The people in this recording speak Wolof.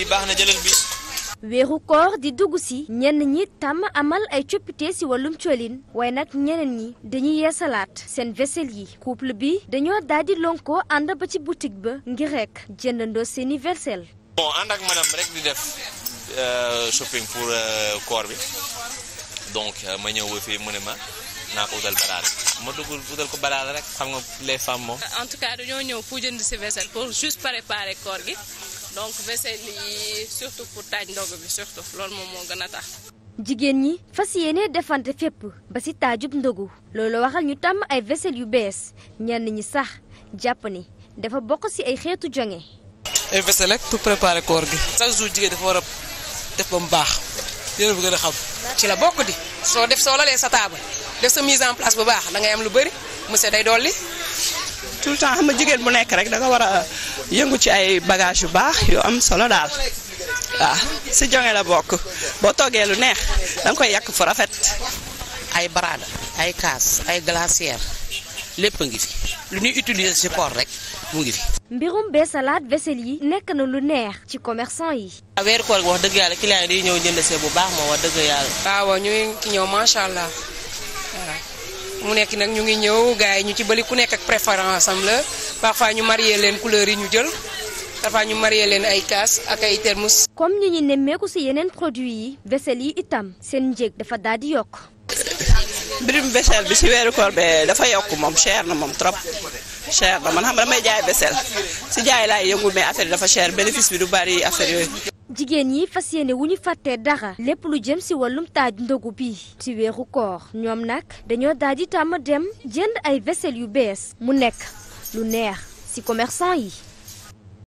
li baax na jëlal bi weeru koor di dugg si ñenn ñi tàmm amal ay coppite si wàllum colin waaye nag ñeneen ñi dañuy yeesalaat seen vaisselle yi couple bi dañoo daal di lonkoo ànd ba ci boutique ba ngir rek jëndandoo seeni vaisselle bon ànd ak madame rek di def euh, shopping pour euh, koor bi donc euh, ma ñëw fii mu ne ma naa ko utal baraada ma dugg utal ko baraada rek xam nga les femmes en tout cas dañoo ñëw pour jënd si vaisselle pour juste préparer koor gi donc vaisselle yi surtout pour taaj ndog bi surtout loolu moom moo gën a tax. jigéen ñi fas yéene defante fépp ba ci taajub ndogu loolu waxal ñu tàmm ay vaisselle yu bees ñenn ñi sax jàpp ni dafa bokk ci ay xeetu jonge ay vaisselle rek pour préparer koor gi. chaque jour jigéen dafa war a def ba mu baax yéen bu gën a xam. ci la bokk di soo def soo lalee sa taaba def sa mise en place bu baax da ngay am lu bëri monsieur day dolli tout le temps xam nga jigéen bu nekk rek danga war a yëngu ci ay bagage yu baax yu am solo daal waaw si jonge la bokk boo toggee lu neex da koy yàkk fu rafet. ay baraada ay kaas ay glacière lépp a ngi fi lu ñuy utiliser si rek mu ngi fi. mbirum beesalaat vaisselle yi nekk na lu neex ci commerçant yi. waaw ah, weeru koor wax dëgg yàlla client yi ñëw jënd see bu baax moo wax dëgg yàlla. waaw ñu ngi ñëw macha allah mu nekk nag ñu ngi ñëw gars yi ñu ci bëri ku nekk ak préférence am la parfois ñu marié leen couleur yi ñu jël parfois ñu marié leen ay kaas ak ay thermos. comme ñu ñu nemmeeku si yeneen produit yi vaisselle yi itam seen njëg dafa daal di yokk. mbirum vaisselle bi si weeru koor be dafa yokk moom cher na moom trop cher na man xam damay jaay vaisselle si jaay laay yëngu mais affaire dafa cher bénéfice bi du bari affaire yooyu. jigéen ñi fas yéene wu ñu fàttee dara lépp lu jëm si wàllum taaj ndogu bi ci weeru koor ñoom nag dañoo daal di tàmm dem jënd ay vaisselle yu bees mu nekk lu neex ci commerçant yi